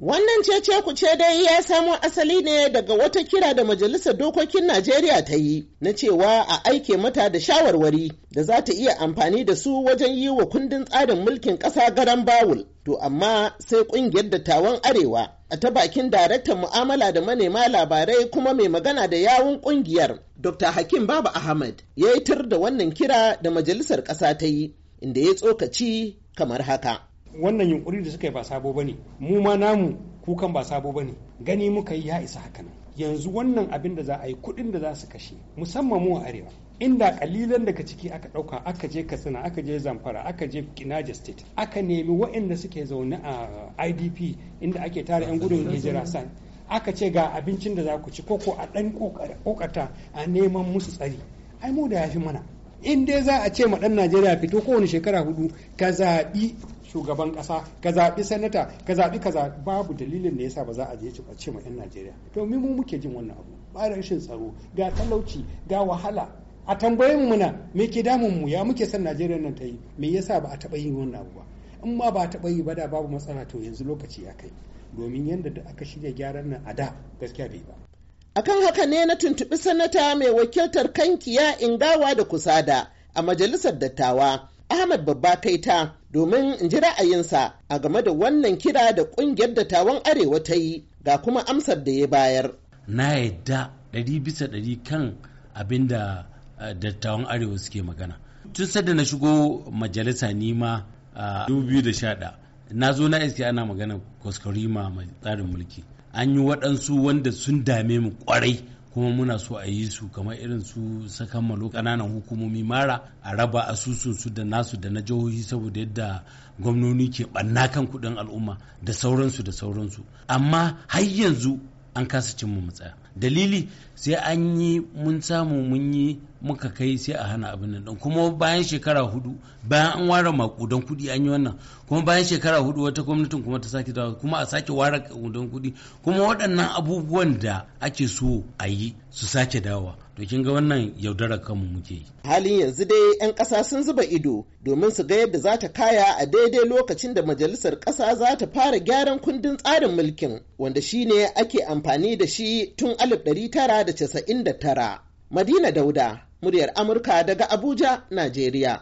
Wannan cece ce dai ya samo asali ne daga wata kira da Majalisar Dokokin Najeriya ta yi na cewa a aike mata da shawarwari da za ta iya amfani da su wajen yi wa kundin tsarin mulkin ƙasa garan bawul. To amma sai ƙungiyar dattawan Arewa a ta bakin daraktan mu'amala da manema labarai kuma mai magana da yawun ƙungiyar Dr. Hakim Babu Ahmad ya yi tur da wannan kira da Majalisar ƙasa ta yi inda ya tsokaci kamar haka. wannan yunkuri da suka yi ba sabo bane mu ma namu kukan ba sabo bane gani muka yi ya isa haka nan yanzu wannan abin da za a yi kudin da za su kashe musamman mu a arewa inda kalilan daga ciki aka ɗauka aka je katsina aka je zamfara aka je kinaja state aka nemi waɗanda suke zaune a idp inda ake tara 'yan gudun hijira san aka ce ga abincin da za ku ci koko a ɗan kokata a neman musu tsari ai mu da ya fi mana in dai za a ce ma ɗan najeriya fito kowane shekara hudu ka zaɓi shugaban kasa ka zaɓi sanata ka zaɓi kaza babu dalilin da yasa ba za a je a ce ma 'yan najeriya domin mu muke jin wannan abu ba rashin tsaro ga talauci ga wahala a tambaye muna me ke damun mu ya muke son najeriya nan ta yi me yasa ba a taɓa yin wannan abu ba in ma ba a taɓa yi ba da babu matsala to yanzu lokaci ya kai domin yadda da aka shirya gyaran nan a da gaskiya bai ba akan haka ne na tuntuɓi sanata mai wakiltar kankiya ingawa da kusada a majalisar dattawa ahmad babba kaita domin in ji ra'ayinsa a game da wannan kira da ƙungiyar dattawan arewa ta yi ga kuma amsar da ya bayar. Na yadda ɗari bisa ɗari kan abin da dattawan arewa suke magana. Tun sadda na shigo majalisa nima a 2011 na zo na iske ana magana kwaskwarima mai tsarin mulki. An yi waɗansu wanda sun dame mu kwarai kuma muna so a yi su kamar irin su sakan malo ƙananan hukumomi mara a raba asusun su da nasu da na jihohi saboda yadda gwamnoni ke ɓanna kan kuɗin al'umma da sauransu da sauransu amma har yanzu an kasa cimma matsaya dalili sai an yi mun samu mun yi muka kai sai a hana abin nan kuma bayan shekara hudu bayan an ware makudan kudi an yi wannan kuma bayan shekara hudu wata gwamnatin kuma ta sake dawo kuma a sake ware makudan kudi kuma waɗannan abubuwan da ake so a yi su sake dawa to kin ga wannan yaudarar kanmu muke yi halin yanzu dai yan ƙasa sun zuba ido domin su ga yadda za ta kaya a daidai lokacin da majalisar ƙasa za ta fara gyaran kundin tsarin mulkin wanda shine ake amfani da shi tun 1999. Madina Dauda, muryar Amurka daga Abuja, Najeriya.